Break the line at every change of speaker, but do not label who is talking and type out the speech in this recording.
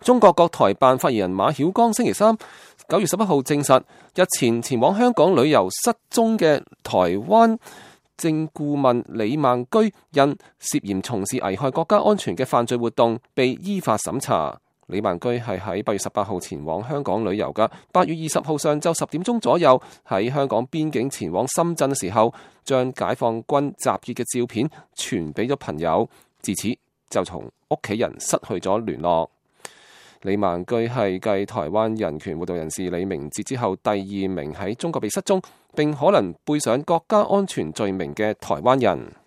中國國台辦發言人馬曉光星期三九月十一號證實，日前前往香港旅遊失蹤嘅台灣政顧問李孟居，因涉嫌從事危害國家安全嘅犯罪活動，被依法審查。李孟居係喺八月十八號前往香港旅遊噶，八月二十號上晝十點鐘左右喺香港邊境前往深圳嘅時候，將解放軍集結嘅照片傳俾咗朋友，自此就同屋企人失去咗聯絡。李孟居係繼台灣人權活動人士李明哲之後第二名喺中國被失蹤，並可能背上國家安全罪名嘅台灣人。